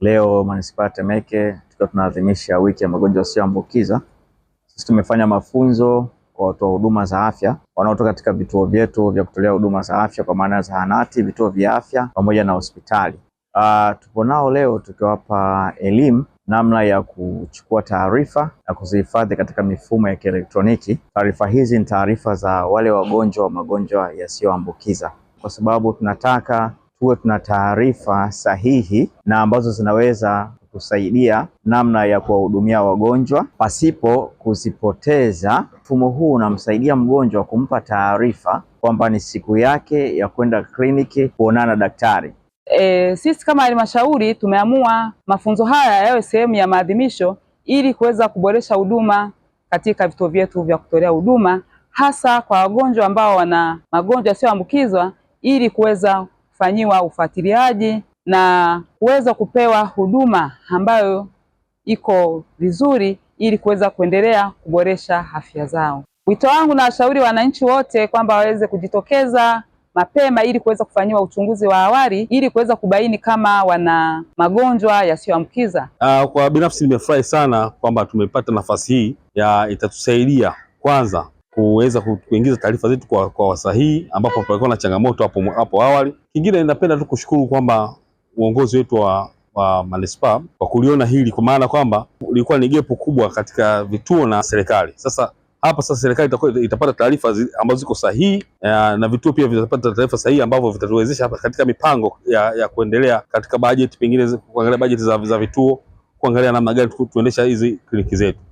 Leo manispaa ya Temeke tukiwa tunaadhimisha wiki ya magonjwa yasiyoambukiza, sisi tumefanya mafunzo kwa watoa huduma za afya wanaotoka katika vituo vyetu vya kutolea huduma za afya kwa maana ya zahanati, vituo vya afya pamoja na hospitali. Uh, tupo nao leo tukiwapa elimu namna ya kuchukua taarifa na kuzihifadhi katika mifumo ya kielektroniki. Taarifa hizi ni taarifa za wale wagonjwa wa magonjwa yasiyoambukiza, kwa sababu tunataka tuwe tuna taarifa sahihi na ambazo zinaweza kusaidia namna ya kuwahudumia wagonjwa pasipo kuzipoteza. Mfumo huu unamsaidia mgonjwa kumpa taarifa kwamba ni siku yake ya kwenda kliniki kuonana na daktari. E, sisi kama halmashauri tumeamua mafunzo haya yawe sehemu ya maadhimisho ili kuweza kuboresha huduma katika vituo vyetu vya kutolea huduma hasa kwa wagonjwa ambao wana magonjwa yasiyoambukizwa ili kuweza kufanyiwa ufuatiliaji na kuweza kupewa huduma ambayo iko vizuri ili kuweza kuendelea kuboresha afya zao. Wito wangu na washauri wananchi wote kwamba waweze kujitokeza mapema ili kuweza kufanyiwa uchunguzi wa awali ili kuweza kubaini kama wana magonjwa yasiyoambukiza. Uh, kwa binafsi nimefurahi sana kwamba tumepata nafasi hii ya itatusaidia kwanza kuweza kuingiza taarifa zetu kwa, kwa wasahihi ambapo palikuwa na changamoto hapo hapo awali. Kingine ninapenda tu kushukuru kwamba uongozi wetu wa wa manispaa kwa kuliona hili, kwa maana kwamba ilikuwa ni gepu kubwa katika vituo na serikali. Sasa hapa sasa serikali itakuwa itapata taarifa ambazo ziko sahihi eh, na vituo pia vitapata taarifa sahihi ambavyo vitatuwezesha hapa katika mipango ya, ya kuendelea katika bajeti, pengine kuangalia bajeti za, za vituo, kuangalia namna gani tuendesha hizi kliniki zetu.